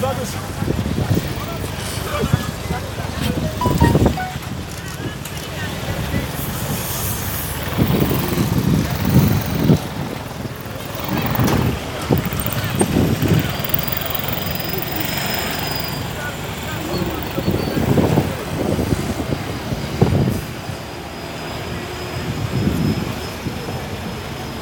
Dobre,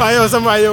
waaw yow sama yow.